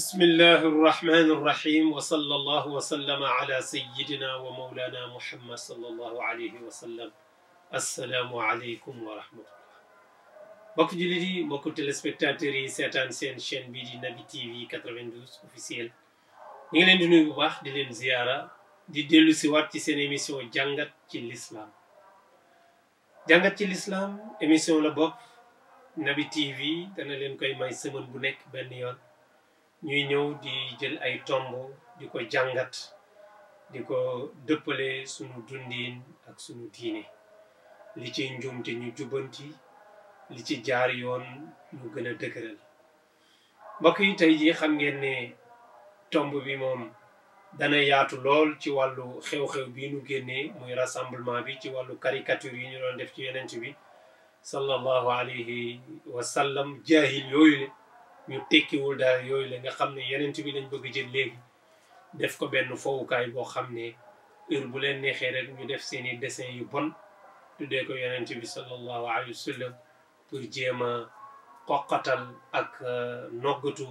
بسم الله الرحمن الرحيم وصلى الله وسلم على سيدنا ومولانا محمد صلى الله عليه وسلم السلام عليكم ورحمة الله mbokk jullit yi mbokk téléspectateurs yi seetaan seen chaîne bii di Naby TV 92 officiel ñu ngi leen di nuyu bu baax di leen ziyaara di dellu si waat ci seen émission jàngat ci l'islam jàngat ci l'islam émission la bopp Naby TV dana leen koy may semaine bu nekk benn yoon ñuy ñëw di jël ay tomb di ko jàngat di ko dëppale sunu dundiin ak sunu diine li ci njumte ñu jubbanti li ci jaar yoon ñu gën a dëgëral mbokk yi tey jii xam ngeen ne tomb bi moom dana yaatu lool ci wàllu xew-xew bii nu génnee muy rassemblement bi ci wàllu caricature yi ñu doon def ci yonent bi sallallahu alayhi wa jaahil yooyu ne yu tekkiwul dara yooyu la nga xam ne yeneen bi lañ bëgg jël léegi def ko benn fowukaay boo xam ne heure bu leen neexee rek ñu def seeni dessin yu bon tu dee ko yeneen bi sallallahu alayhi wa sallam pour jéem a xoqatal ak euh, noggatu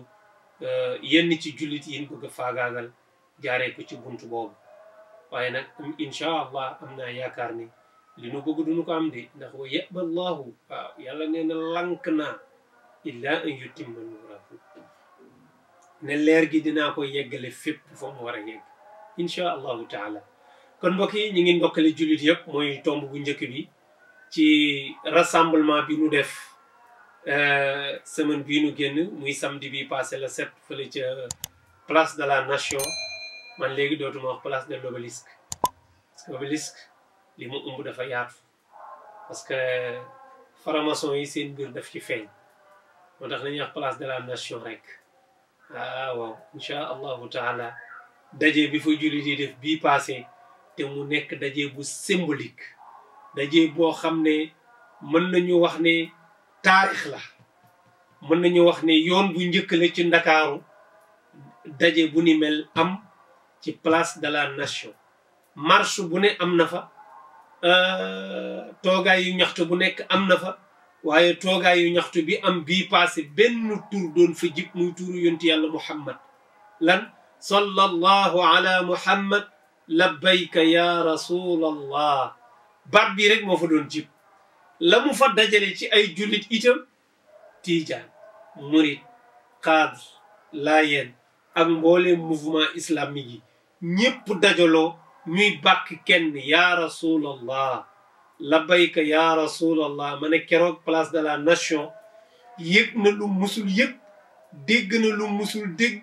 euh, yenn ci jullit yi ñu bëgg a faagaagal jaaree ko ci bunt boobu waaye nag incha allah am naa yaakaar ni li nu bëgg duñu ko am de ndax wa yaba allahu waaw yàlla nee na lank naa illa an yutimma nuur ne leer gi dinaa ko yeggale fépp foo mu war a yegg incha allahu taala kon mbokk yi ñu ngi ndokkale jullit yëpp mooy tomb bu njëkk bi ci rassemblement bi nu def euh, semaine bi nu génn muy samedi bi passé la sept fële ca place de la nation man léegi dootuma wax place de l'obélisque parce li mu ëmb dafa yaatu parce que faramason yi seen mbir daf ci feeñ moo tax nañuy wax place de la nation rek ah waaw incha allahu taala daje bi fa jullit yi def bii passé te mu nekk daje bu symbolique daje boo xam ne mën nañu wax ne taarix la mën nañu wax ne yoon bu njëkk la ci ndakaaru daje bu ni mel am ci place de la nation marche bu ne am na fa ah, toogaay yu ñaxtu bu nekk am na fa waaye toogaayu ñaxtu bi am bii passé benn tur doon fa jib muy turu yonti yàlla muhammad lan sallallahu ala muhammad labbayka ya rasulallah baat bii rek moo fa doon jib la mu fa dajale ci ay jullit itam tiijaan murit xaadir laayeen ak mbooleem mouvement islamique yi ñépp dajaloo ñuy bàkk kenn ya rasulallah labbayka ya rasulallah ma ne keroog place de la nation yëg na lu musul yëg dégg na lu musul dégg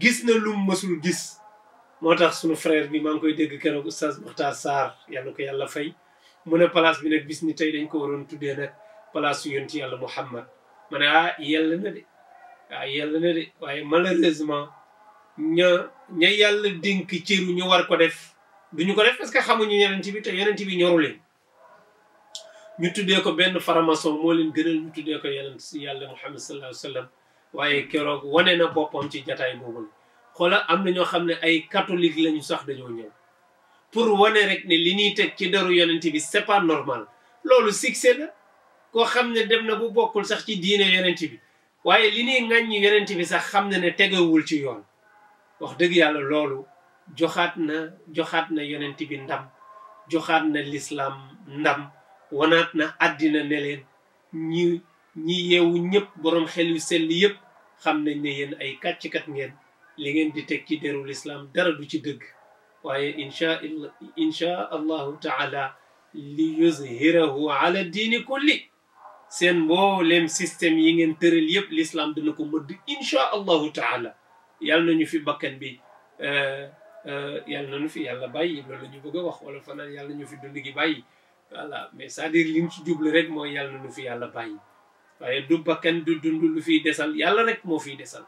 gis na lu musul gis moo tax sunu frère bi maa ngi koy dégg keroog oustaz Mokhtar Sarr yàlla ko yàlla fay mu ne place bi nag bis ni tey dañ ko waroon tuddee nag place yu yonti yàlla Muhammad ma ah, na de ah yàlla na de waaye malheureusement ña ña yàlla dénk cëru ñu war ko def ñu ko def parce que xamuñu yonent bi te yonent bi ñoru leen ñu tuddee ko benn faramason moo leen gënal ñu tuddee ko yeneen si yàlla muhammad sallallahu alayhi wa sallam waaye keroog wane na boppam ci jataay boobu la xoola am na ñoo xam ne ay catholique lañu sax dañoo ñëw pour wane rek ni li ñuy teg ci deru yonent bi c'est pas normal loolu succès la koo xam ne dem na bu bokkul sax ci diine yonent bi waaye li ñuy ŋàññi yonent bi sax xam na ne tegewul ci yoon wax dëgg yàlla loolu joxaat na joxaat na yonent bi ndam joxaat na lislaam ndam wanaat na àddina ne leen ñi ñi yeewu ñëpp borom xel yu sell yëpp xam nañ ne yéen ay kàcckat ngeen li ngeen di teg ci deru lislaam dara du ci dëgg waaye incha incha allahu taala li yuzhirahu ala diini kulli seen mbooleem système yi ngeen tëral yëpp lislaam dina ko mëdd incha allahu taala yàlla nañu fi bakkan bi euh, euh, yal nañu fi yàlla bàyyi loolu la ñu bëgg a wax wala fanaan yàlla ñu fi dund gi bàyyi voilà mais c'est-à-dire li ñu ci juble rek mooy yàlla na nu fi yàlla bàyyi waaye du bakkan du dund lu fiy desal yàlla rek moo fiy desal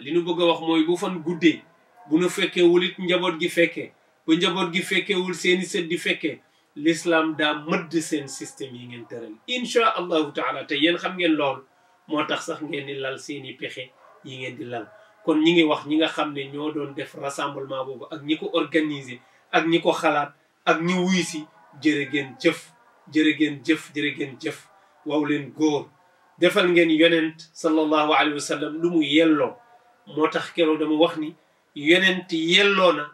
li nu bëgg a wax mooy bu fan guddee bu nu fekkeewul it njaboot gi fekkee bu njaboot gi fekkeewul seeni sët di fekkee l'islam daa mëdd seen système yi ngeen tëral inchaa allahu taala te yéen xam ngeen lool moo tax sax ngeen di lal seeni pexe yi ngeen di lal kon ñi ngi wax ñi nga xam ne ñoo doon def rassemblement boobu ak ñi ko organiser ak ñi ko xalaat ak ñi wuy jërë ngeen jëf jërë ngeen jëf jërë ngeen jëf waaw leen góor defal ngeen yonent sallallahu alayhi wa sallam lu mu yelloo moo tax keroog dama wax ni yonent yelloo na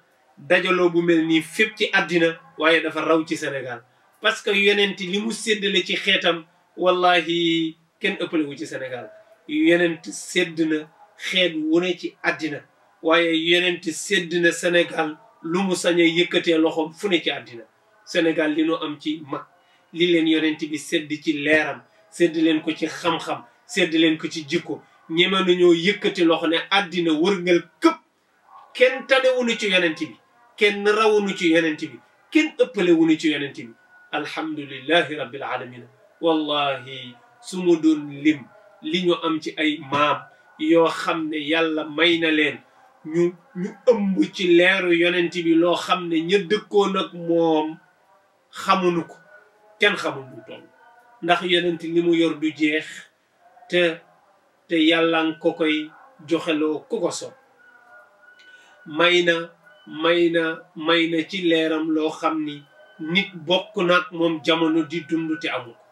dajaloo bu mel nii fépp ci àddina waaye dafa raw ci Sénégal parce que yonent li mu séddale ci xeetam wallahi kenn ëppale wu ci Sénégal yonent sédd na xeet wu ne ci àddina waaye yonent sedd na Sénégal lu mu sañ a yëkkatee loxoom fu ne ci àddina Sénégal li nu am ci mag li leen yonent bi sedd ci leeram sedd leen ko ci xam-xam sedd leen ko ci jikko ñeme ñëw yëkkati loxo ne àddina wërngal këpp kenn tanewunu ci yonent bi kenn rawunu ci yonent bi kenn ëppalewunu ci yonent bi alhamdulillahi rabbil alamina wallahi su ma doon lim li ñu am ci ay maam yoo xam ne yàlla may na leen ñu ñu ëmb ci leeru yonent bi loo xam ne ña dëkkoon ak moom xamuñu ko kenn xamul ndax yonent li mu yor du jeex te te yàlla nga ko koy joxeloo ku ko so may na may na may na ci leeram loo xam ni nit bokk nag moom jamono di dund te amul ko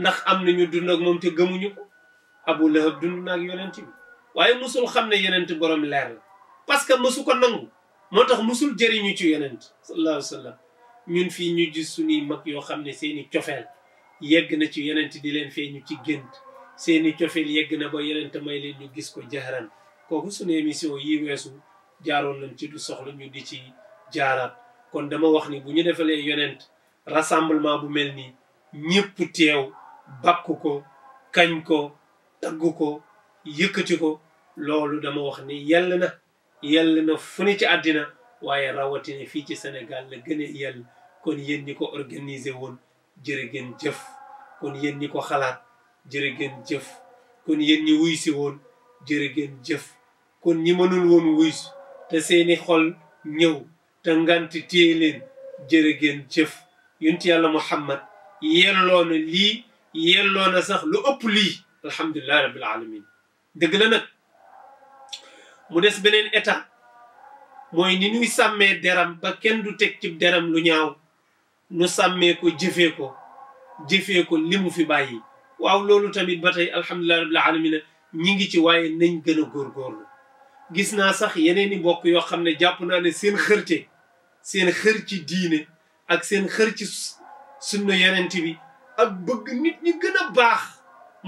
ndax am nañu dund ak moom te gëmuñu ko abu lahab dund naag yonent bi waaye musul xam ne yonent borom leer la parce que mësu nangu moo tax musul jëriñu ci yonent sallallahu alayhi wa sallam ñun fii ñu gis suñuy mag yoo xam ne seeni cofeel yegg na ci yonent di leen feeñu ci gént seeni cofeel yegg na ba yonent may leen ñu gis ko jaxaran kooku sunu émission yi weesu jaaroon nañ ci du soxla ñu di ci jaaraat kon dama wax ni bu ñu defalee yonent rassemblement bu mel nii ñëpp teew bakku ko kañ ko tagg ko yëkkati ko loolu dama wax ni yell na yell na fu ne ci àddina waaye rawatina fii ci Sénégal la gën yell kon yéen ñi ko organisé woon jërë ngeen jëf kon yéen ñi ko xalaat jërë ngeen jëf kon yéen ñi wuy si woon jërë ngeen jëf kon ñi mënul woon wuy si te seeni xol ñëw te ngant téye leen jërë ngeen jëf yonent yàlla Muhammad yelloo na lii yelloo na sax lu ëpp lii alhamdulillahi rabbil alamin dëgg la mu des beneen état mooy ni ñuy sàmmee deram ba kenn du teg ci deram lu ñaaw nu sàmmee ko jëfee ko jëfee ko li mu fi bàyyi waaw loolu tamit ba tey alhamdulilah rabbil alamina ñi ngi ci waaye nañ gën a góorgóorlu gis naa sax yeneen i mbokk yoo xam ne jàpp naa ne seen xërte seen xër ci diine ak seen xër ci sunna bi ak bëgg nit ñi gën baax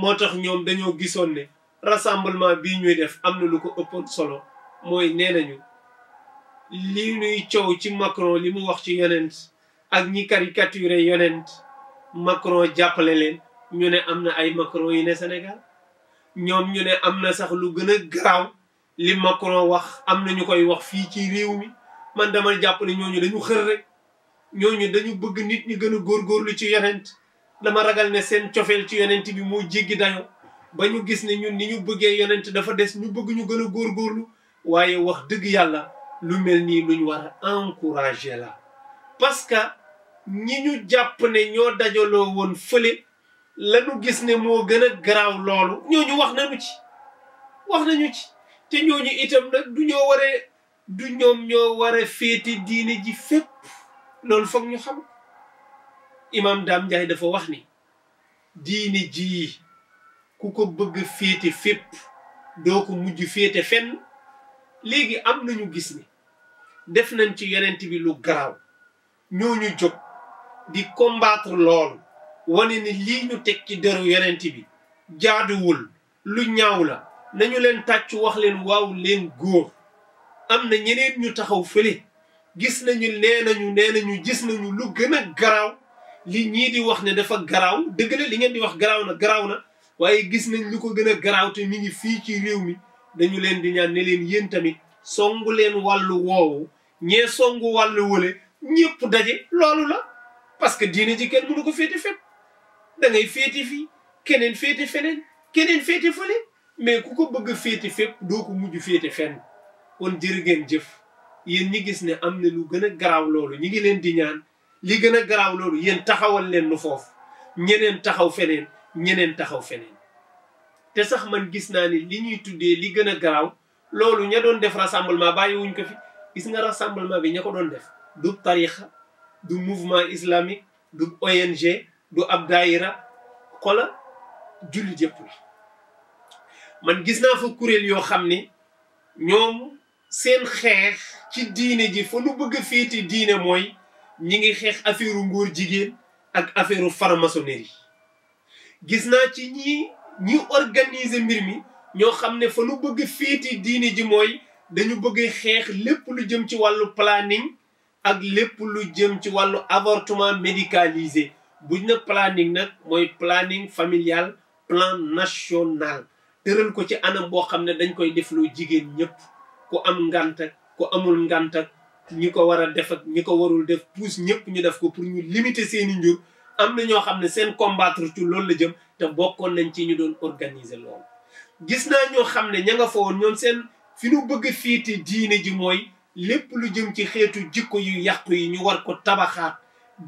moo tax ñoom dañoo gisoon ne rassemblement bii ñuy def am na lu ko ëppoon solo mooy nee nañu li nuy coow ci Macron li mu wax ci yonent ak ñi caricature yonent Macron jàppale leen ñu ne am na ay Macron yi ne Sénégal ñoom ñu ne am na sax lu gën a garaaw li Macron wax am na ñu koy wax fii ci réew mi man dama jàppale ne ñu dañu xër rek ñooñu dañu bëgg nit ñi gën a góorgóorlu ci yonent dama ragal ne seen cofeel ci yonent bi moo jéggi dayo ba ñu gis ne ñun ni ñu bëggee yonent dafa des ñu bëgg ñu gën a góorgóorlu waaye wax dëgg yàlla lu mel nii lu ñu war a encourager la parce que ñi ñu jàpp ne ñoo dajaloo woon fële la ñu gis ne moo gën a garaaw loolu ñooñu wax nañu ci wax nañu ci te ñooñu itam nag du ñoo waree du ñoom ñoo war a féete diine ji fépp loolu foog ñu xam imam Dame Ndiaye dafa wax ni diine ji ku ko bëgg féete fépp doo ko mujj féete fenn léegi am nañu gis ni def nañ ci yonent bi lu garaaw ñu jóg di combattre loolu wane ni lii ñu teg ci deru yonent bi jaaduwul lu ñaaw la nañu leen tàcc wax leen waaw leen góor am na ñeneen ñu taxaw fële gis nañu nee nañu nee nañu gis nañu lu gën a garaaw li ñii di wax ne dafa garaaw dëgg la li ngeen di wax garaaw na garaaw na waaye gis nañ lu ko gën a garaaw te mi ngi fii ci réew mi dañu leen di ñaan ne leen yéen tamit songu leen wàllu woowu ñee songu wàllu wële ñëpp daje loolu la parce que diine ji kenn mënu ko féete fépp da ngay féete fii keneen féete feneen keneen féete fële mais ku ko bëgg a féete fépp doo ko mujj féete fenn kon jërë ngeen jëf yéen ñi gis ne am na lu gën a garaaw loolu ñi ngi leen di ñaan li gën a garaaw loolu yéen taxawal leen nu foofu ñeneen taxaw feneen ñeneen taxaw feneen te sax man gis naa ni li ñuy tuddee li gën a garaaw loolu ña doon def rassemblement bàyyiwuñ ko fi gis nga rassemblement bi ña ko doon def du tarixa du mouvement islamique du ONG du ab daayira xola jullit yëpp la man gis naa fa kuréel yoo xam ni ñoom seen xeex ci diine ji fa nu bëgg a féete diine mooy ñi ngi xeex affaire ngóor jigéen ak affaire franc gis naa ci ñi ñi mbir mi ñoo xam ne fa nu bëgg a féete ji mooy dañu bëgg xeex lépp lu jëm ci wàllu planning ak lépp lu jëm ci wàllu avortement médicalisé buñ na planning nag mooy planning familial plan national tëral ko ci anam boo xam ne dañ koy defloo jigéen ñëpp ku am ngant ak ku amul ngant ñi ko war a def ñi ko warul def pousse ñëpp ñu def ko pour ñu limiter seeni njur am na ñoo xam ne seen combattre tu loolu la jëm te bokkoon nañ ci ñu doon organiser loolu gis naa ñoo xam ne ña fa woon ñoom seen fi nu bëgg a féete ji mooy lépp lu jëm ci xeetu jikko yu yàqu yi ñu war ko tabaxaat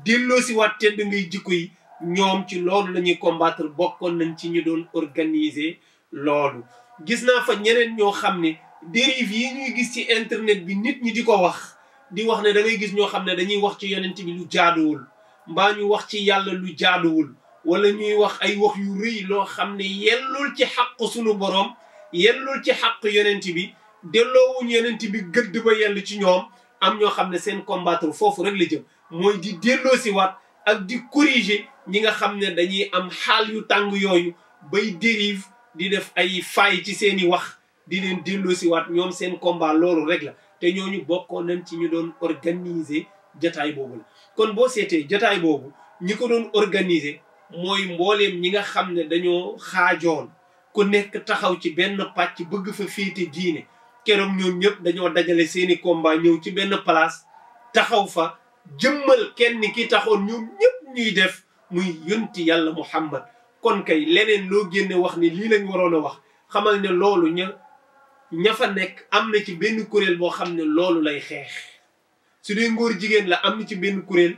delloo si waat tedd ngay jikko yi ñoom ci loolu lañuy ñuy bokkoon nañ ci ñu doon organiser loolu gis naa fa ñeneen ñoo xam ne dérive yi ñuy gis ci internet bi nit ñi di ko wax di wax ne da ngay gis ñoo xam ne dañuy wax ci yonent bi lu jaaduwul mbaa ñu wax ci yàlla lu jaaduwul wala ñuy wax ay wax yu rëy loo xam ne yellul ci xàq sunu boroom yellul ci xàq yonent bi delloowuñu yeneen bi gëdd ba yell ci ñoom am ñoo xam ne seen combattre foofu rek la jëm mooy di delloo si waat ak di corriger ñi nga xam ne dañuy am xaal yu tàng yooyu bay dérive di def ay faay ci seen i wax di leen delloo si ñoom seen combat rek la te ñooñu bokkoon nañ ci ñu doon organiser jataay boobu la kon boo seetee jataay boobu ñi ko doon organiser mooy mbooleem ñi nga xam ne dañoo xaajoon ku nekk taxaw ci benn pàcc bëgg fa féete diine kenoon ñoom ñëpp dañoo dajale seeni combat ñëw ci benn place taxaw fa jëmmal kenn ki taxoon ñoom ñëpp ñuy def muy yonti yàlla muhammad kon kay leneen loo génne wax ni lii lañ waroon a wax xamal ne loolu ña ña fa nekk am na ci benn kuréel boo xam ne loolu lay xeex su dee ngóor jigéen la am na ci benn kuréel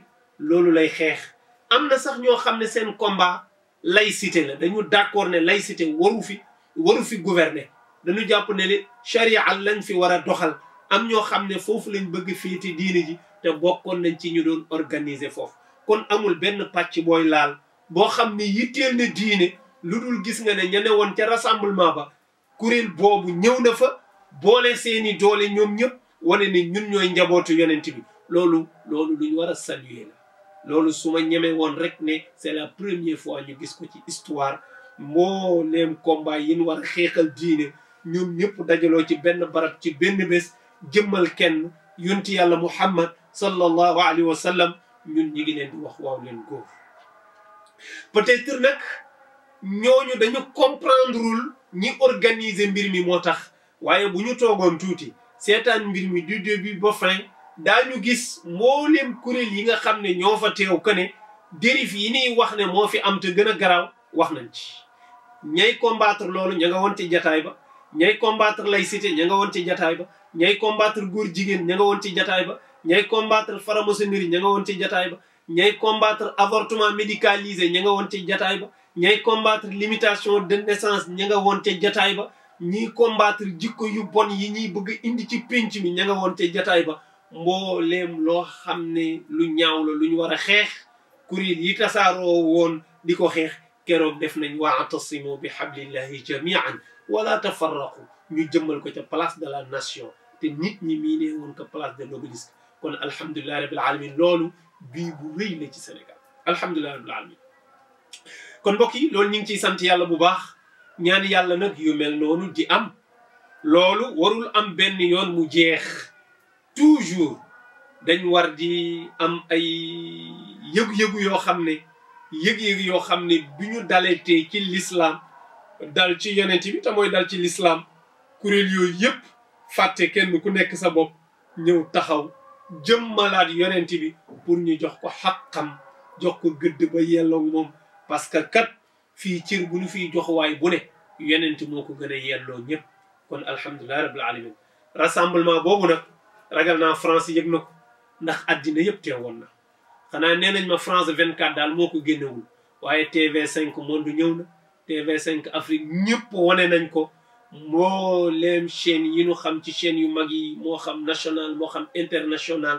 loolu lay xeex am na sax ñoo xam ne seen combat laïcité la dañu d'accord ne lay laïcité waru fi waru fi gouverner dañu jàpp ne li charia lañ fi war a doxal am ñoo xam ne foofu lañ bëgg féete diine ji te bokkoon nañ ci ñu doon organiser foofu kon amul benn pàcc booy laal boo xam ne yitteel na diine lu dul gis nga ne ña ne woon ca rassemblement ba kuréel boobu ñëw na fa boole seeni doole ñoom ñëpp wane ne ñun ñooy njabootu yonent bi loolu loolu lu ñu war a saluer la loolu suma ma woon rek ne c'est la première fois ñu gis ko ci histoire mbooleem combat yi ñu war a xeexal ñoom ñëpp dajaloo ci benn barab ci benn bés jëmmal kenn yonti yàlla muhammad sallallahu alayhi wa sallam ñun ñi ngi leen wax waaw leen góor peut-être nag ñooñu dañu comprendreul ñi organise mbir mi moo tax waaye bu ñu toogoon tuuti seetaan mbir mi du début ba fin daañu gis mbooleem kuréel yi nga xam ne ñoo fa teew que ne yi niy wax ne moo fi am te gën a garaaw wax nañ ci ñay combattre loolu ña nga woon ci jataay ba ñay combattre laïcité ña nga woon ci jataay ba ñay combattre góor jigéen ña nga woon ci jataay ba ñay combattre franc-maçonnerie ña nga woon ci jataay ba ñay combattre avortement médicalisé ña nga woon ci jataay ba ñay combattre limitation de naissance ña nga woon ca jataay ba ñiy combattre jikko yu bon yi ñuy bëgg indi ci pénc mi ña nga woon ca jataay ba mbooleem loo xam ni lu ñaaw la lu ñu war a xeex kuréel yi tasaaroo woon di ko xeex keroog def waa waatasimu bi hablillahi jamian wala tafarraqu ñu jëmmal ko ca place de la nation te nit ñi miinee woon ko place de l'obélisque kon alhamdulillahi rabbil alamin loolu bii bu wéy la ci Sénégal alhamdulillahi rabbil alamin kon mbokk yi loolu ñu ngi ciy sant yàlla bu baax ñaan yàlla nag yu mel noonu di am loolu warul am benn yoon mu jeex toujours dañ war di am ay yëgu-yëgu yoo xam ne yëg-yëg yoo xam ne bi ñu dalee ci l'islam dal ci yonent bi te mooy dal ci lislaam kuréel yooyu yëpp fàtte kenn ku nekk sa bopp ñëw taxaw jëmmalaat yonent bi pour ñu jox ko xàqam jox ko gëdd ba yelloog moom parce que kat fii cir bu ñu fiy jox waay bu ne yonent moo ko gën a yelloo ñëpp kon alhamdulilah rabbil alamin rassemblement boobu nag ragal naa France yëg na ko ndax addina yëpp teewoon na xanaa nee nañ ma France 24 daal moo ko génnewul waaye TV5 Monde ñëw na TV5 Afrique ñëpp wane nañ ko moo leem chaîne yi ñu xam ci chaîne yu mag yi moo xam national moo xam international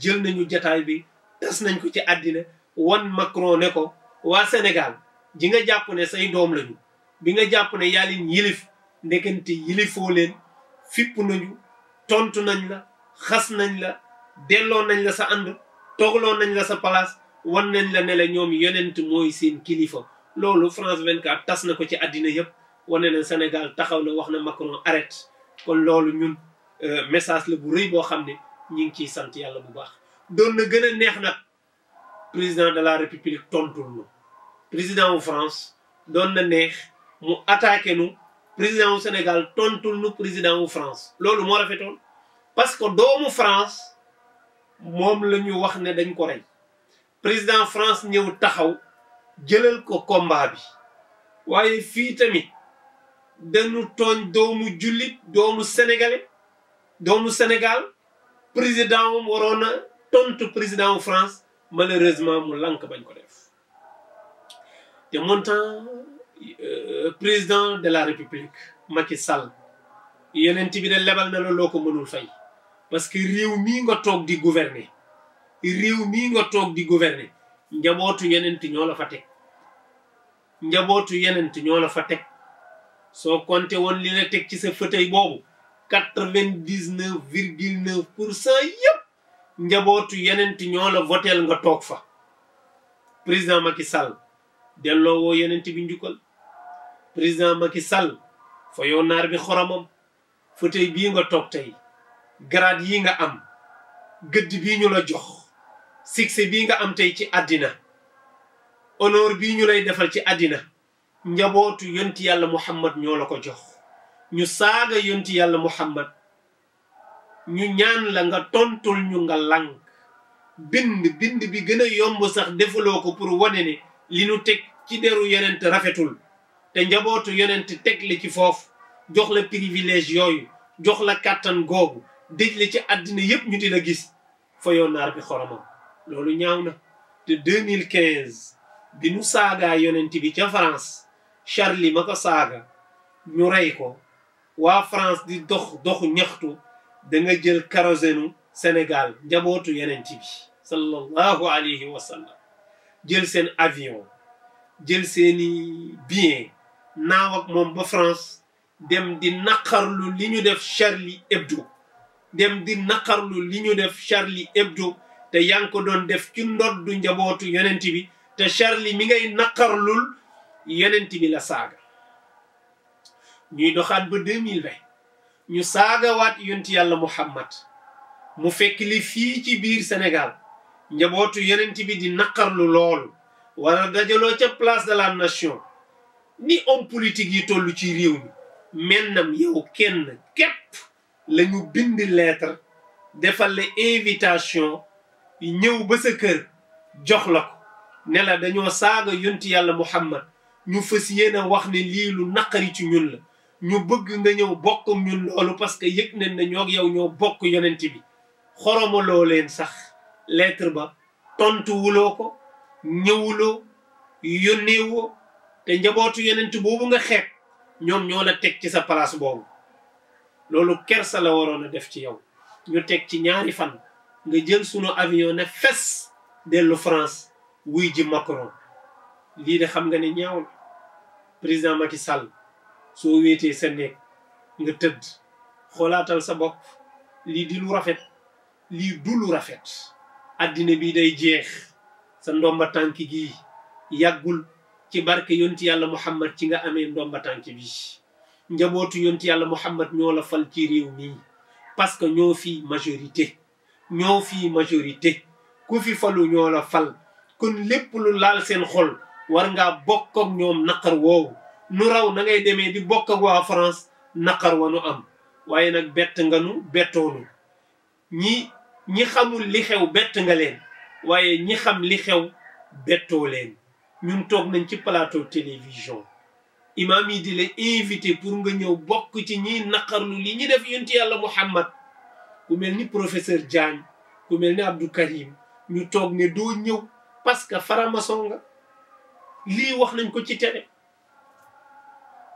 jël nañu jataay bi tas nañ ko ci àddina wan Macron ne ko waa Sénégal ji nga jàpp ne say doom lañu bi nga jàpp ne yaa leen yilif ndekente yilifoo leen fipp nañu tontu nañ la xas nañ la delloo nañ la sa ànd toogloo nañ la sa place wan nañ la ne la ñoom yonent mooy seen kilifa loolu France 24 tas na ko ci àddina yëpp wane na Sénégal taxaw na wax na Macron arrête kon loolu ñun euh, message la bu rëy boo xam ne ñu ngi ciy sant yàlla bu baax. doon na gën a neex na président de la république tontul nu président wu France doon na neex mu attaqué nu président wu Sénégal tontu nu président wu France loolu moo rafetoon parce que doomu France moom la ñu wax ne dañ ko rey président France ñëw taxaw. jëlal ko combat bi waaye fii tamit dañu tooñ doomu jullit doomu sénégalais doomu Sénégal président am waroon a tontu président wu France malheureusement mu lank bañ ko def te montant euh, président de la république Macky sal yeneen bi de lebal na la loo ko mënul fay parce que réew mii nga toog di gouverner réew mii nga toog di gouverner njabootu yeneen ñoo la fa teg njabootu yenent ñoo la fa teg soo compté woon li la teg ci sa fauteuil boobu quatre-vingt-dix-neuf virgule neuf pour cent yëpp njabootu yenent ñoo la voteel nga toog fa président Macky Sall delloo woo yenent bi njukkal président Macky Sall fa yoo naar bi xoromam fauteuil bii nga toog tey grade yi nga am gëdd bii ñu la jox sixe bii nga am tey ci àddina honneur bii ñu lay defal ci àddina njabootu yonti yàlla muhammad ñoo la ko jox ñu saaga yonti yàlla muhammad ñu ñaan la nga tontul ñu nga làng bind bind bi gën a yomb sax defaloo ko pour wane ni li nu teg ci deru yonent rafetul te njabootu yonent teg le ci foofu jox la privilège yooyu jox la kàttan googu dëj le ci àddina yépp ñu di gis fa yoo naar bi xoromam loolu ñaaw na te bi mu saagaa yonent bi ca France Charlie ma ko saaga ñu rey ko waa France di dox doxu ñaxtu da nga jël karosenu Sénégal njabootu yonent bi sallallahu alayhi wa jël seen avion jël seeni bien naaw moom ba France dem di naqarlu li ñu def Charlie Hebdo dem di naqarlu li ñu def Charlie Hebdo te yaa ngi ko doon def ci ndoddu njabootu yonent bi te Charlie mi ngay naqarlul yonent bi la saaga ñuy doxaat ba 2020 ñu saagawaat yonti yàlla Muhammad mu fekk li fii ci biir Sénégal njabootu yonent bi di naqarlu lool wala dajaloo ca place de la nation ni homme politique yi toll ci réew mi mennam yow kenn képp la ñu bind lettre defal la invitation ñëw ba sa kër jox la ko ne la dañoo saaga yonti yàlla muhammad ñu fas yéene wax ni lii lu naqari ci ñun la ñu bëgg nga ñëw bokk ñun loolu parce que yëg nañ ne ñoo yow ñoo bokk yonent bi xoromaloo leen sax lettre ba tontuwuloo ko ñëwuloo yónneewoo te njabootu yonent boobu nga xeet ñoom ñoo la teg ci sa place boobu loolu kersa la waroon a def ci yow ñu teg ci ñaari fan nga jël sunu avion ne fes dellu France wuy ji Macron lii de xam nga ne ñaawul président Macky sal soo wéetee sa néeg nga tëdd xoolaatal sa bopp lii di rafet lii du lu rafet addina bii day jeex sa ndomba tànk gii yàggul ci barke yonti yàlla Muhammad ci nga amee ndomba tànk bi njabootu yonti yàlla Muhammad ñoo la fal ci réew mi parce que ñoo fi majorité ñoo fi majorité ku fi falu ñoo la fal kon lépp lu laal seen xol war nga bokk ak ñoom naqar woowu nu raw na ngay demee di bokk waa France naqar wa nu am waaye nag bett nga nu bettoonu ñi ñi xamul li xew bett nga leen waaye ñi xam li xew bettoo leen ñun toog nañ ci plateau télévision imaam yi di la invité pour nga ñëw bokk ci ñi ñiy naqarlu li ñi def yonent yàlla Muhammad ku mel ni professeur Diagne ku mel ni Abdou Karim ñu toog ne doo ñëw parce que faramason nga lii wax nañ ko ci télé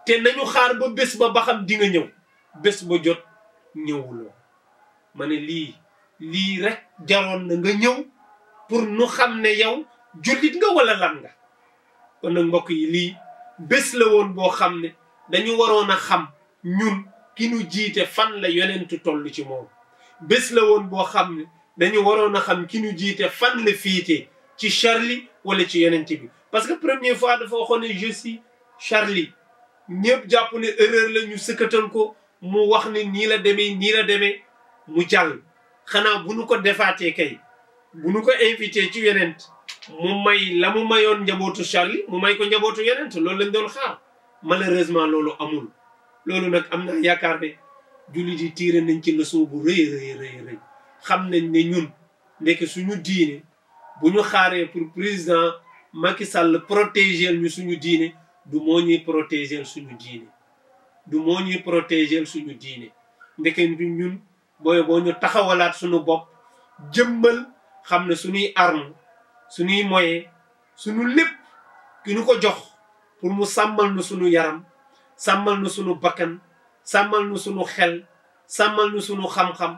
te nañu xaar ba bés ba ba xam di ñëw bés ba jot ñëwuloo ma ne lii lii rek jaroon na nga ñëw pour nu xam ne yow jullit nga wala lan nga kon nag mbokk yi lii bés la woon boo xam ne dañu waroon a xam ñun ki nu jiite fan la yonentu toll ci moom bés la woon boo xam ne dañu waroon a xam ki jiite fan la fiitee ci Charlie wala ci yeneen bi parce que premier fois dafa waxoon ne je si Charlie ñëpp jàpp ne erreur la ñu sëkkatal ko mu wax ne nii la demee nii la demee mu jàll xanaa bu nu ko defaatee kay bu nu ko invité ci yeneen mu may la mu mayoon njabootu Charlie mu may ko njabootu yeneen loolu lañ doon xaar malheureusement loolu amul loolu nag am naa yaakaar ne jullit yi tiire nañ ci leçon bu rëy rëy rëy xam nañ ne ñun ndeke suñu diine bu ñu xaaree pour président Macky Sall protéger ñu suñu diine du moo ñuy protéger suñu diine du moo ñuy protéger suñu diine ndeken bi ñun booy boo ñu taxawalaat suñu bopp jëmmal xam ne suñuy arme suñuy moyen suñu lépp ki ñu ko jox pour mu sàmmal nu suñu yaram sàmmal nu suñu bakkan sàmmal nu suñu xel sàmmal nu suñu xam-xam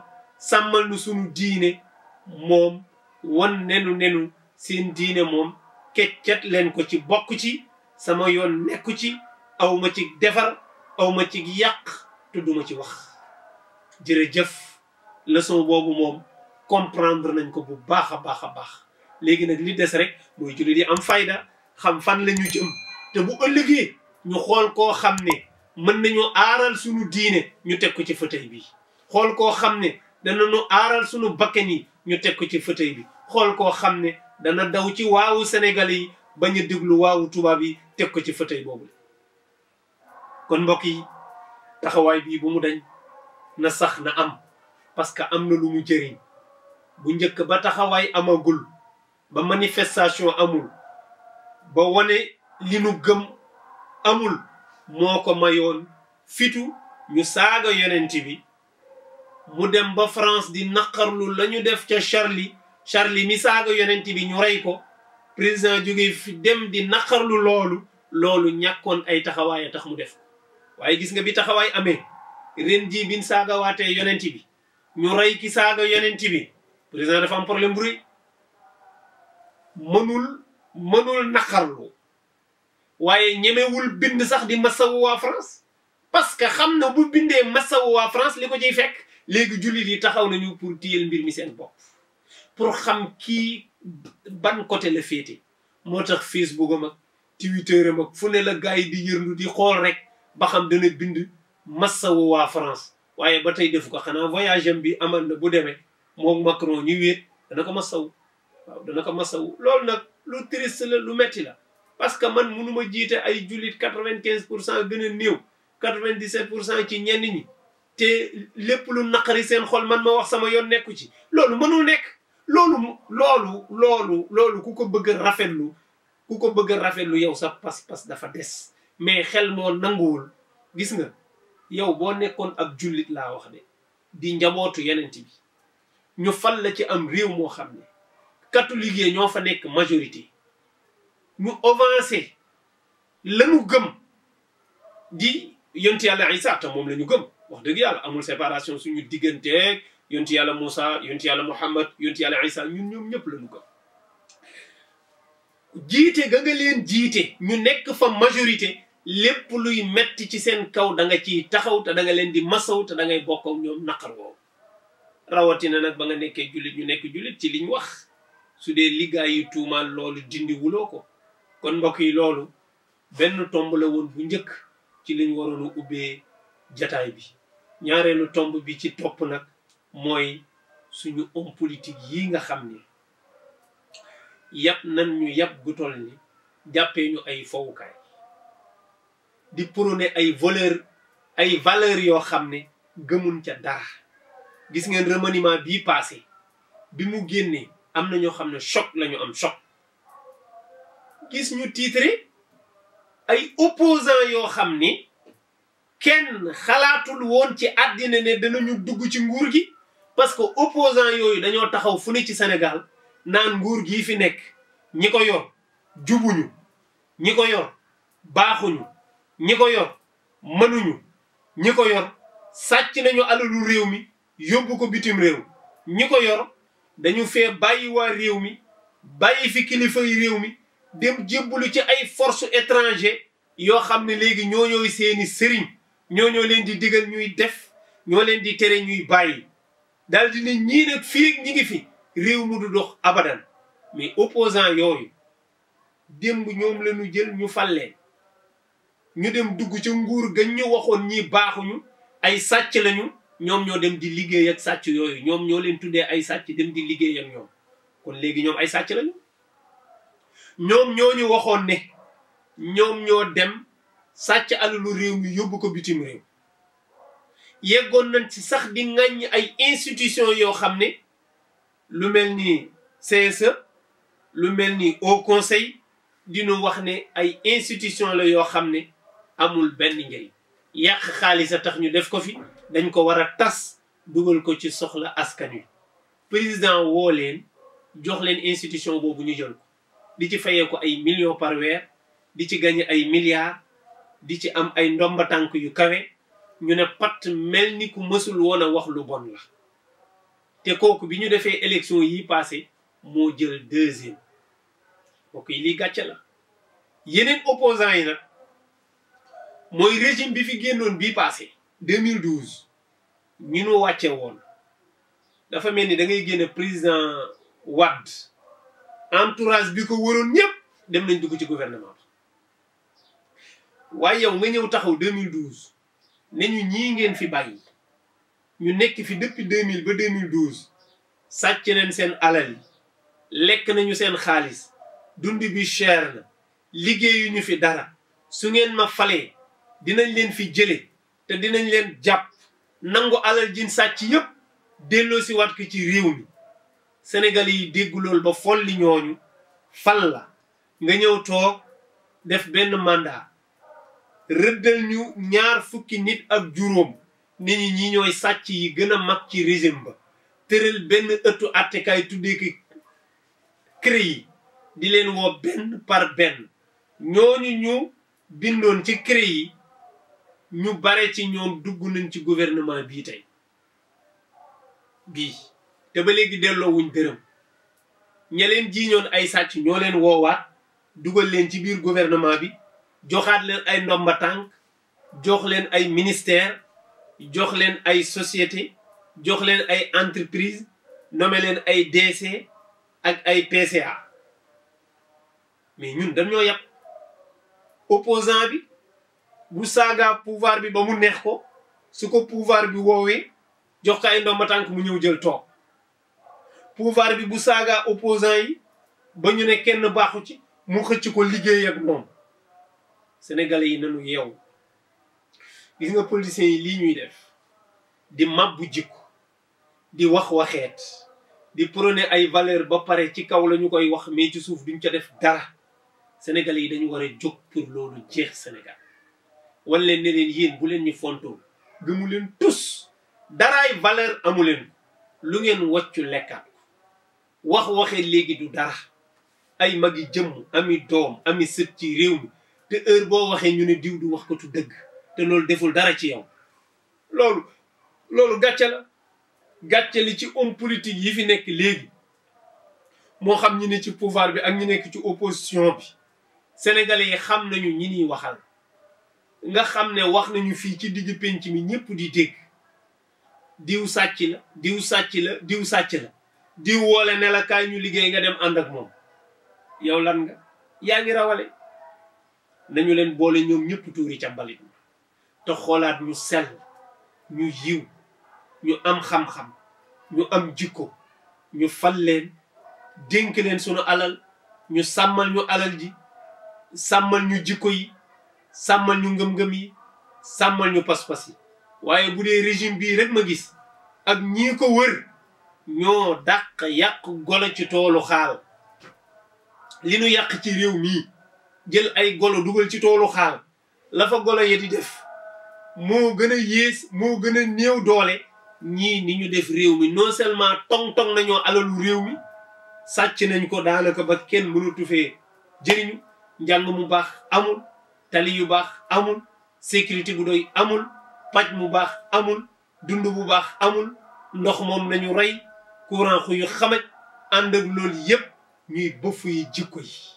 sàmmal nu suñu diine moom won nenu nenu seen diine moom keccat leen ko ci bokk ci sama yoon nekku ci awma ci defar awma ci yàq tudduma ci wax jërëjëf leson boobu moom comprendre nañ ko bu baax a baax a baax léegi nag li des rek mooy jullit di am fayda xam fan la ñu jëm te bu ëllëgee ñu xool koo xam ne mën nañu aaral suñu diine ñu teg ko ci fauteuil bi xool koo xam ne danañu aaral sunu bakkan yi ñu teg ko ci fauteuil bi xool koo xam ne dana daw ci waawu sénégalais yi bañ a déglu waawu tubaab yi teg ko ci fauteuil boobu kon mbokk yi taxawaay bii bu mu dañ na sax na am parce que am na lu mu jëriñ bu njëkk ba taxawaay amagul ba manifestation amul ba wane li nu gëm amul moo ko mayoon fitu ñu saaga yonent bi mu dem ba France di naqarlu la def ca Charlie Charlie mi saaga yonent bi ñu rey ko président jóge fi dem di naqarlu loolu loolu ñàkkoon ay taxawaay a tax mu def waaye gis nga bi taxawaay amee ren jii bin saagawaatee yonent bi ñu rey ki saaga yonent bi président dafa am problème bu rëy mënul mënul naqarlu waaye ñemewul bind sax di masawu waa France parce que xam na bu bindee masawu waa France li ko ciy fekk léegi jullit yi taxaw nañu pour téyel mbir mi seen bopp pour xam kii ban côté la féete moo tax Facebook am ak Twitter am ak fu ne la gars yi di yërndu di xool rek ba xam dana bind massawu waa France waaye ba tey defu ko xanaa voyage am bi amal na bu demee moom Macron ñu wéet dana ko massawu waaw dana ko massawu lool nag lu triste la lu metti la parce que man mënuma jiite ay jullit quatre-vingt-quinze pour cent gën a néew quatre-vingt-dix-sept pour cent ci ñenn ñi te lépp lu naqari seen xol man ma wax sama yoon nekku ci loolu mënul nekk loolu loolu loolu loolu ku ko bëgg a lu ku ko bëgg a lu yow sax pas-pas dafa des mais xel moo nanguwul gis nga yow boo nekkoon ak jullit laa wax de di njabootu yenent bi ñu fal la ci am réew moo xam ne catholique yi ñoo fa nekk majorité ñu avancé lanu gëm di yonti yàlla ay te moom la ñu gëm wax dëgg yàlla amul séparation suñu digganteeg yonti yàlla Moussa yonti yàlla Muhammad yonti yàlla Isa ñun ñoom ñëpp lañu ko jiite ga nga leen jiite ñu nekk fa majorité lépp luy metti ci seen kaw danga nga ciy taxaw te danga leen di masaw te da ngay bokk ñoom naqar woowu rawatina nag ba nga nekkee jullit ñu nekk jullit ci liñ wax su dee liggaay yi tuumaal loolu dindi wuloo ko kon mbokk yi loolu benn tomb la woon bu njëkk ci liñ waroon a ubbee jataay bi ñaareenu tomb bi ci topp nag mooy suñu homme politique yi nga xam ni yàpp nan ñu yàpp gu ni jàppee ñu ay fowukaay di prôner ay valeur ay valeur yoo xam ne gëmun ca dara gis ngeen remaniement bi passé bi mu génnee am na ñoo xam ne choc lañu am choc gis ñu titre ay opposant yoo xam ni kenn xalaatul woon ci àddina ne danañu dugg ci nguur gi parce que opposant yooyu dañoo taxaw fu ne ci senegal naan nguur gii fi nekk ñi ko yor jubuñu ñi ko yor baaxuñu ñi ko yor mënuñu ñi ko yor sàcc nañu alalu réew mi yóbbu ko bitim réew ñi ko yor dañu fee bàyyi waa réew mi bàyyi fi kilifay réew mi dem jébbalu ci ay force étrangères yoo xam ne léegi ñoo ñooy seeni sëriñ ñoo ñoo leen di digal ñuy def ñoo leen di tere ñuy bàyyi daal di ne ñii nag fii ñi ngi fi réew mu du dox abadan mais opposant yooyu démb ñoom la ñu jël ñu fal ñu dem dugg ca nguur gañ ñu waxoon ñii baaxuñu ay sàcc lañu ñoom ñoo dem di liggéey ak sàcc yooyu ñoom ñoo leen tuddee ay sàcc dem di liggéey ñoom kon léegi ñoom ay sàcc lañu ñoom ñoo ñu waxoon ne ñoom ñoo dem sàcc alalu réew mi yóbbu ko bitim réew yeggoon nañ ci sax di ŋàññ ay institution yoo xam ne lu mel ni CSE lu mel ni Haut Conseil dinu wax ne ay institution la yoo xam ne amul benn njëriñ yàq xaalis a tax ñu def ko fi dañ ko war a tas dugal ko ci soxla askan wi président woo leen jox leen institution boobu ñu jël ko di ci fayee ko ay millions par weer di ci gagné ay milliards di ci am ay ndomba tànk yu kawe ñu ne pat mel ni ku mësul woon a wax lu bon la te kooku bi ñu defee élection yi passé moo jël deuxième mbokk yi lii gàcce la yeneen opposants yi na mooy régime bi fi génnoon bii passé 2012 ñu nu wàcce woon dafa mel ni da ngay génn président Wade entourage bi ko waroon ñëpp dem nañ dugg ci gouvernement waaye yow nga ñëw taxaw 2012 ne ñu ñii ngeen fi bàyyi ñu nekk fi depuis 2000 ba 2012 sàcc leen seen alal yi lekk nañu seen xaalis dund bi cher na liggéeyuñu fi dara su ngeen ma falee dinañ leen fi jële te dinañ leen jàpp nangu alal jin sàcc yépp delloo si waat ko ci réew mi Sénégalais yi déggulool loolu ba folli ñooñu fal la nga ñëw toog def benn mandat rëddal ñu ñaar fukki nit ak juróom nit ñi ñi ñooy sàcc yi gën a mag ci régime ba tëral benn ëttu attekaay tuddee ki cré yi di leen woo benn par benn ñooñu ñu bindoon ci cré yi ñu bare ci ñoom dugg nañ ci gouvernement bii tey te ba léegi delloowuñ dërëm ña leen jiiñoon ay sàcc ñoo leen woowaat dugal leen ci biir gouvernement bi joxaat leen ay ndomba jox leen ay ministère jox leen ay société jox leen ay entreprise nommé leen ay DC ak ay PCA mais ñun dañoo yàpp opposant bi bu saaga pouvoir bi ba mu neex ko su ko pouvoir bi woowee jox ko ay ndomba mu ñëw jël toog pouvoir bi bu saaga opposant yi ba ñu ne kenn baaxu ci mu xëcc ko liggéey ak moom sénégalais yi nanu yeewu gis nga politiciens yi lii ñuy def di mabbu jikko di wax waxeet di prôner ay valeur ba pare ci kaw lañu koy wax mais ci suuf duñ ca def dara sénégalais yi dañu war jóg pour loolu jeex Sénégal walla leen ne yéen bu leen ñu fontoo gëmu leen tus daraay valeur amuleen leen lu ngeen wàccu lekkat wax waxeet léegi du dara ay magi jëmm ami doom ami sët ci réew mi te heure boo waxee ñu ne diw du wax ko tu dëgg te loolu deful dara ci yow loolu loolu gàcce la ci homme politique yi fi nekk léegi moo xam ñi ne ci pouvoir bi ak ñi nekk ci opposition bi sénégalais yi xam nañu ñi ñuy waxal nga xam ne wax nañu fii ci digg pénc mi ñëpp di dégg diw sàcc la diw sàcc la diw sàcc la diw woole ne la kaay ñu liggéey nga dem ànd ak moom yow lan nga yaa ngi rawale nañu leen boole ñoom ñëpp tuuri ca mbalit te xoolaat ñu sell ñu yiw ñu am xam-xam ñu am jikko ñu fal leen dénk leen sunu alal ñu sàmmal ñu alal ji sàmmal ñu jikko yi sàmmal ñu ngëm-ngëm yi sàmmal ñu pas-pas yi waaye bu dee régime bii rek ma gis ak ñii ko wër ñoo dàq yàq golo ci toolu xaal li nu yàq ci réew mii jël ay golo dugal ci toolu xaal lafa fa golo ya di def moo gën a yées moo gën a néew doole ñii ni ñu def réew mi non seulement tong-tong nañoo alalu réew mi sàcc nañ ko daanaka ba kenn mënatu fee jëriñu njàng mu baax amul tali yu baax amul sécurité bu doy amul paj mu baax amul dund bu baax amul ndox moom nañu rey courant yu xamaj ànd ak loolu yépp ñuy bëfu yi jikko yi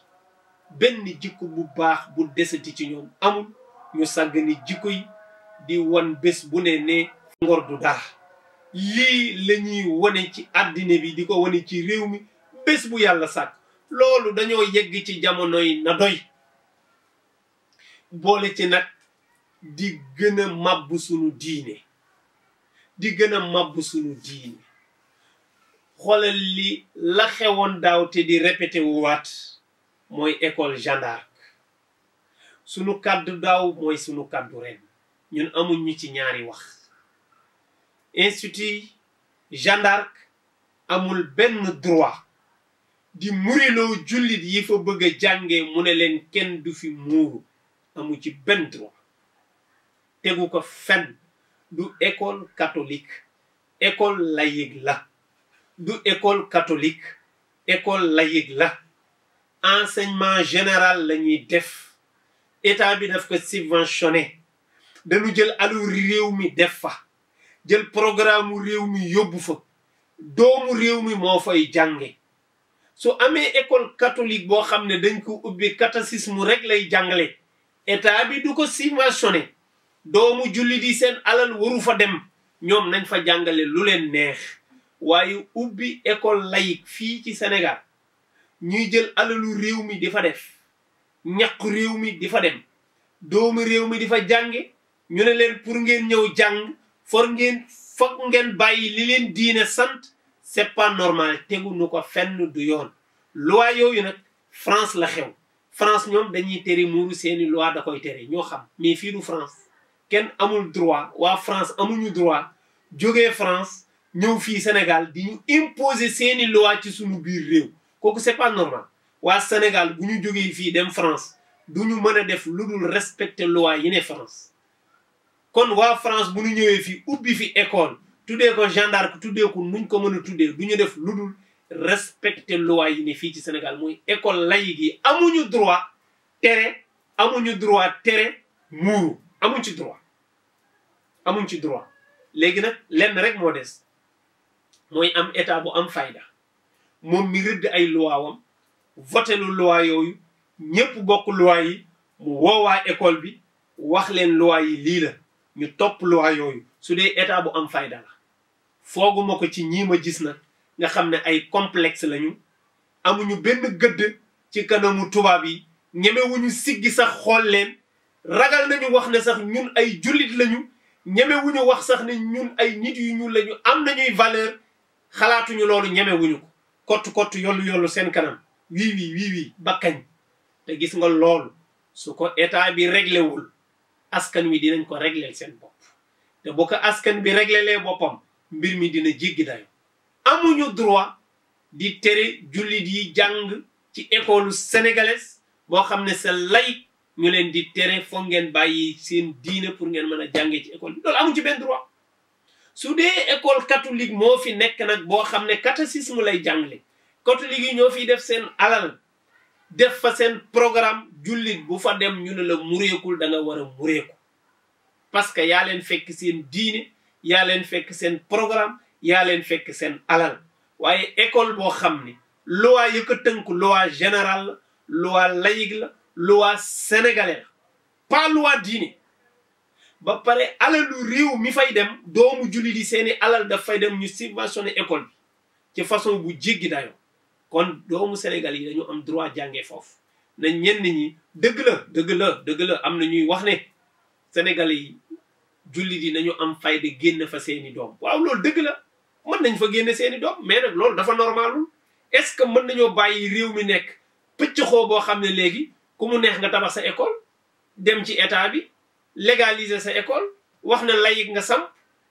benn jikko bu baax bu desati ci ñoom amul ñu sàggani jikko yi di wan bés bu ne nee ngor du dara lii la wane ci àddina bi di ko wane ci réew mi bés bu yàlla sàkk loolu dañoo yëgg ci jamonoy na doy boole ci nag di gën a màbb sunu diine di gën a xoolal li la xewoon daaw te di répété wu waat mooy école Jeanne sunu kàddu daaw mooy sunu kàddu ren ñun amuñ ñu ci ñaari wax institut Jeanne amul benn droit di muriloo jullit yi fa bëgg jànge mu ne leen kenn du fi muuru amu ci benn droit tegu ko fenn du école catholique école laïque la du école catholique école laïque la enseignement général lañuy def état bi daf ko subventionné dañu jël alu réew mi def fa jël programme réew mi yóbbu fa doomu réew mi moo fay jànge su amee école catholique boo xam ne dañ ko ubbi catéchisme rek lay jàngale état bi du ko subventionné doomu jullit yi seen alal waru fa dem ñoom nañ fa jàngale lu leen neex waaye ubbi école laïque fii ci Sénégal ñuy jël alalu réew mi di fa def ñaqu réew mi di fa dem doomu réew mi di fa jànge ñu ne leen pour ngeen ñëw jàng for ngeen foog ngeen bàyyi li leen diine sant c'est pas normal tegu nu ko fenn du yoon loi yooyu nag France la xew France ñoom dañuy tere muuru seeni loi da koy tere ñoo xam mais fii du France kenn amul droit waa France amuñu droit jóge France ñëw fii Sénégal di ñu imposer seeni loi ci suñu biir réew kooku c'est pas normal waa Sénégal bu ñu jógee fii dem France du ñu mën a def lu dul respecter loi yi ne France kon waa France bu ñu ñëwee fii ubbi fi école tuddee ko gendarme tuddee ko nuñ ko mën a tuddee du ñu def lu dul respecter loi yi ne fii ci Sénégal mooy école laïque yi amuñu droit tere amuñu droit tere muuru amu ci droit amuñ ci droit léegi nag lenn rek moo des mooy am état bu am fayda moom mi rëdd ay luwaawam voté lu luwaa yooyu ñëpp bokk luwaa yi mu woowaa école bi wax leen luwaa yi lii la ñu topp luwaa yooyu su dee état bu am fayda la fooguma ko ci ñii ma gis na nga xam ne ay complexe lañu amuñu benn gëdd ci kanamu tubaab yi ñemewuñu siggi sax xool leen ragal na nañu wax ne sax ñun ay jullit lañu ñemewuñu wax sax ne ñun ay nit yu ñuul lañu am nañuy valeur xalaatuñu loolu ñemewuñu ko kottu kottu yollu yollu seen kanam wii wii wii wii bakkañ te gis nga loolu su ko état bi réglé askan wi dinañ ko régleel seen bopp te bu ko askan bi réglelee boppam mbir mi dina jéggi dayo amuñu droit di tere jullit yi jàng ci école sénégalaise boo xam ne se lay ñu leen di tere foog ngeen bàyyi seen diine pour ngeen mën a jàngee ci école bi loolu amuñ ci benn droit su dee école catholique moo fi nekk nag boo xam ne catéchisme lay jàngale catholique yi ñoo fiy def seen alal def fa seen programme jullit bu fa dem ñu ne la mureekul da nga war a mureeku parce que yaa leen fekk seen diine yaa leen fekk seen programme yaa leen fekk seen alal waaye école boo xam ne loi yi ko tënk loi générale la loi laïque loi sénégalaise pas loi diine ba pare alalu réew mi fay dem doomu jullit yi seeni alal daf fay dem ñu subventionné école bi ci façon bu jéggi dayoo kon doomu Sénégal yi dañu am droit jàngee foofu na ñenn ñi dëgg la dëgg la dëgg am na ñuy wax ne Sénégal yi jullit yi nañu am fay fayda génn fa seeni doom waaw loolu dëgg la mën nañ fa génn seeni doom mais nag loolu dafa normalul est-ce que mën nañoo bàyyi réew mi nekk pëcc xoo boo xam ne léegi ku mu neex nga tabax sa école dem ci état bi légaliser sa école wax na layig nga samp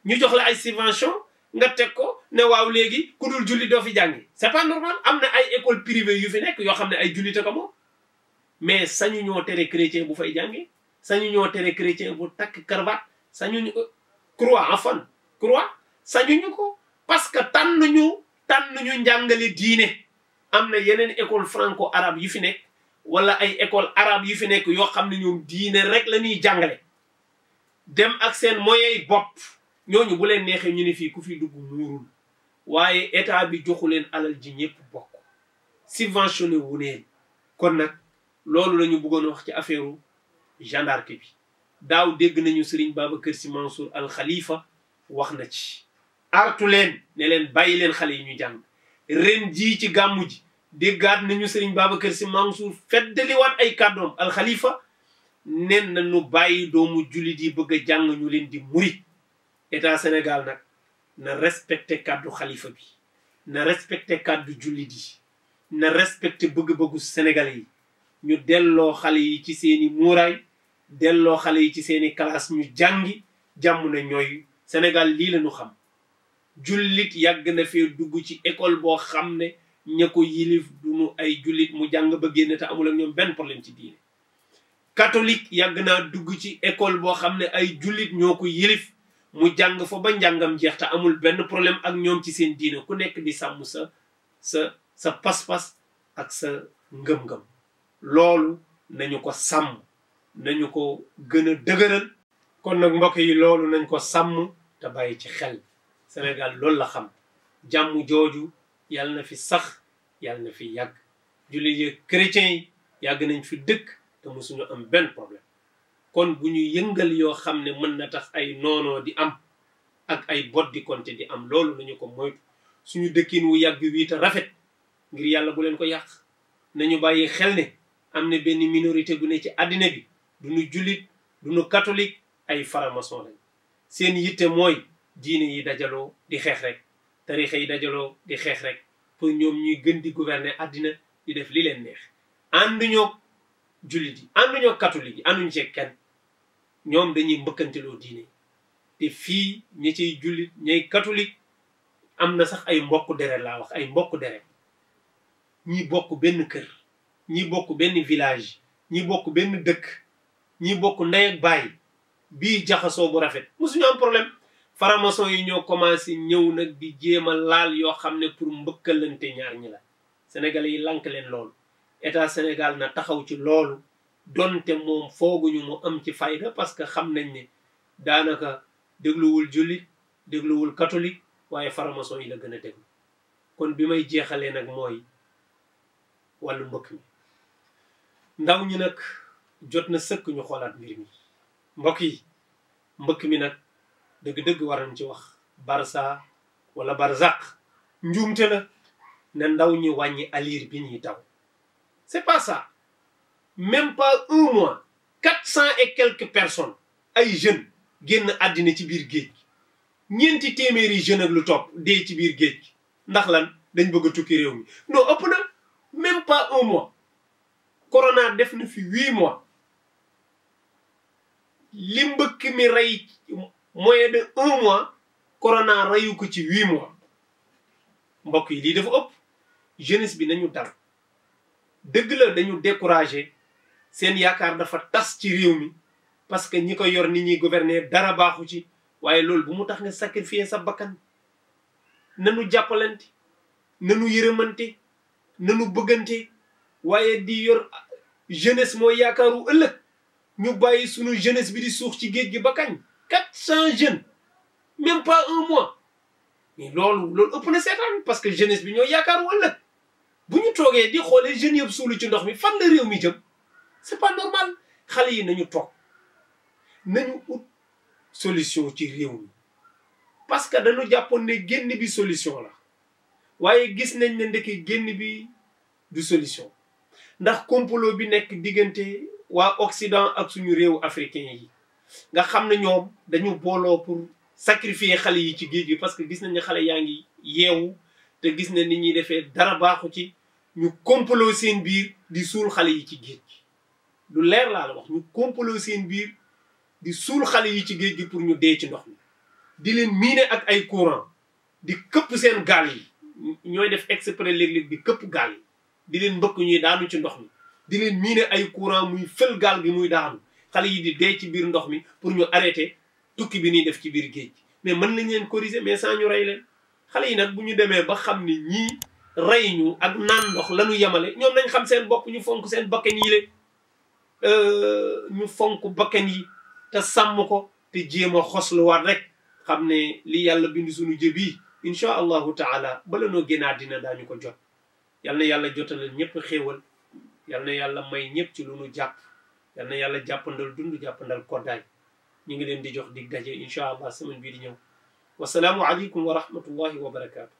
ñu jox la ay subvention nga teg ko ne waaw léegi ku dul julli doo fi jàngi c'est pas normal am na ay école privée yu fi nekk yoo xam ne ay jullit ko moom mais sañu ñoo tere chrétien bu fay jàngi sañu ñoo tere chrétien bu takk cravate sañuñu croix en fon croix sañuñu ko parce que tànnuñu tànnuñu njàngale diine am na yeneen école franco arabe yu fi nekk wala ay école arabe yu fi nekk yoo xam ne ñoom diine rek la ñuy jàngale dem ak seen moyens bopp ñooñu bu leen neexee ñu ne fii ku fi dugg muurul waaye état bi joxu leen alal ji ñëpp bokk subventionné wu neen kon nag loolu lañu buggoon wax ci affaire u Jeanne d'Arc bi daaw dégg nañu Serigne kër Sy Mansour Al Khalifa wax na ci artu leen ne leen bàyyi leen xale yi ñu jàng ren ji ci gàmmu ji déggaat nañu Serigne Babacar Sy Mansour feddaliwaat ay kàddoom Al Khalifa nen na nu bàyyi doomu jullit yi bëgg a jàng ñu leen di muri état Sénégal nag na respecté kàddu xalifa bi na respecté kàddu jullit yi na respecté bëgg-bëggu sénégalais yi ñu delloo xale yi ci seeni muuraay delloo xale yi ci seeni classe ñu jàngi jàmm na ñooy Sénégal lii la ñu xam jullit yàgg na fee dugg ci école boo xam ne ña ko yilif du nu ay jullit mu jàng ba génn te amul ak ñoom benn problème ci diine catholique yàgg naa dugg ci école boo xam ne ay jullit ñoo ko yilif mu jàng fa ba njàngam jeex te amul benn problème ak ñoom ci seen diine ku nekk di sàmm sa sa sa pas ak sa ngëm-ngëm loolu nañu ko sàmm nañu ko gën a dëgëral kon nag mbokk yi loolu nañ ko sàmm te bàyyi ci xel Sénégal loolu la xam jàmm jooju yàlla na fi sax yàlla na fi yàgg jullit yi chrétiens yi yàgg nañ fi dëkk te mosuñu am benn problème kon bu ñu yëngal yoo xam ne mën na tax ay noonoo di am ak ay bot di konte di am loolu nañu ko moytu suñu dëkkin wu yàgg wii te rafet ngir yàlla bu leen ko yàq nañu bàyyi xel ne am ne benn minorité bu ne ci àddina bi duñu jullit du nu katolik ay faramaçon lañ seen yitte mooy diine yi dajaloo di xeex rek tarixa yi dajaloo di xeex rek pour ñoom ñuy gën di gouverner àddina di def li leen neex ànduñoo jullit yi ànduñoo catholique yi ànduñu cee kenn ñoom dañuy mbëkkanteloo diine te fii ñi ciy jullit ñay catholique am na sax ay mbokk deret laa wax ay mbokk deret ñi bokk benn kër ñi bokk benn village ñi bokk benn dëkk ñi bokk ndey ak baay bii jaxasoo bu rafet musuñu am problème faramason yi ñoo commencé ñëw nag bi jéem a laal yoo xam ne pour mbëkkalante ñaar ñi la sénégalais yi lank leen loolu état Sénégal na taxaw ci loolu donte moom fooguñu mu am ci fayda parce que xam nañ ni daanaka dégluwul jullit dégluwul katolik waaye faramason yi la gën a déglu kon bi may jéexalee nag mooy wàllu mbëkk mi ndaw ñi nag jot na sëkk ñu xoolaat mbir mi mbokk yi mbëkk mi nag dëgg-dëgg war ci wax barsa walla barzaq njuumte la na ndaw ñi wàññi alir bi ñuy taw c'est pas ça même pas un mois quatre cent et quelques personnes ay jeunes génn àddina ci biir géej ñeenti téeméeri jeunes ak lu topp dee ci biir géej ndax lan dañ bëgg a tukki réew mi non ëpp na même pas un mois corona def na fi huit mois li mbëkk mi rey moyen de un mois corona reyu ko ci huit mois mbokk yi lii dafa ëpp jeunesse bi nañu dar dëgg la dañu découragé seen yaakaar dafa tas ci réew mi parce que ñi ko yor ni ñuy gouverner dara baaxu ci waaye loolu bu mu tax nga sacrifier sa bakkan nanu jàppalante nanu yërëmante nanu bëggante waaye di yor jeunesse mooy yaakaaru ëllëg ñu bàyyi sunu jeunesse bi di suux ci géej gi ba kañ quatre cent jeunes même pas un mois mais loolu loolu ëpp na seetaan parce que jeunesse bi ñoo yaakaaru ëllëg bu ñu toogee di xoolee jeunes yëpp suulu ci ndox mi fan la réew mi jëm c'est pas normal xale yi nañu toog nañu ut solution ci réew mi parce que dañu jàppoon ne génn bi solution la waaye gis nañ ne ndeke génn bi du solution ndax complot bi nekk diggante waa Occident ak suñu réew africain yi nga xam ne ñoom dañu booloo pour sacrifier xale yi ci géej gi parce que gis nañ ne xale yaa ngi yeewu te gis na ni ñuy defee dara baaxu ci ñu kompaloo seen biir di suul xale yi ci géej gi lu leer laa la wax ñu kompaloo seen biir di suul xale yi ci géej gi pour ñu dee ci ndox mi di leen miine ak ay courant di këpp seen gaal yi def exprès léeg-léeg këpp gaal yi di leen mbëkk ñuy daanu ci ndox mi di leen miine ay courant muy fël gaal gi muy daanu xale yi di dee ci biir ndox mi pour ñu arrêter tukki bi ñuy def ci biir géej gi mais mën nañ leen corriger mais sans ñu rey leen xale yi nag bu ñu demee ba xam ni ñii rey ñu ak naan ndox la ñu yemale ñoom nañ xam seen bopp ñu fonk seen bakkan yi le euh, ñu fonk bakkan yi te sàmm ko te jéem a xosluwaat rek xam ne li yàlla bind suñu jëb yi incha allahu taala bala noo génnaat dina daañu ko jot yal na yàlla jotalal ñëpp xéewal yal na yàlla may ñëpp ci lu nu jàpp yal na yàlla jàppandal dund jàppandal koddaay ñu ngi leen di jox dig daje incha allah semaine bii di ñëw wasalaamu aleykum wa rahmatullahi wa barakaatu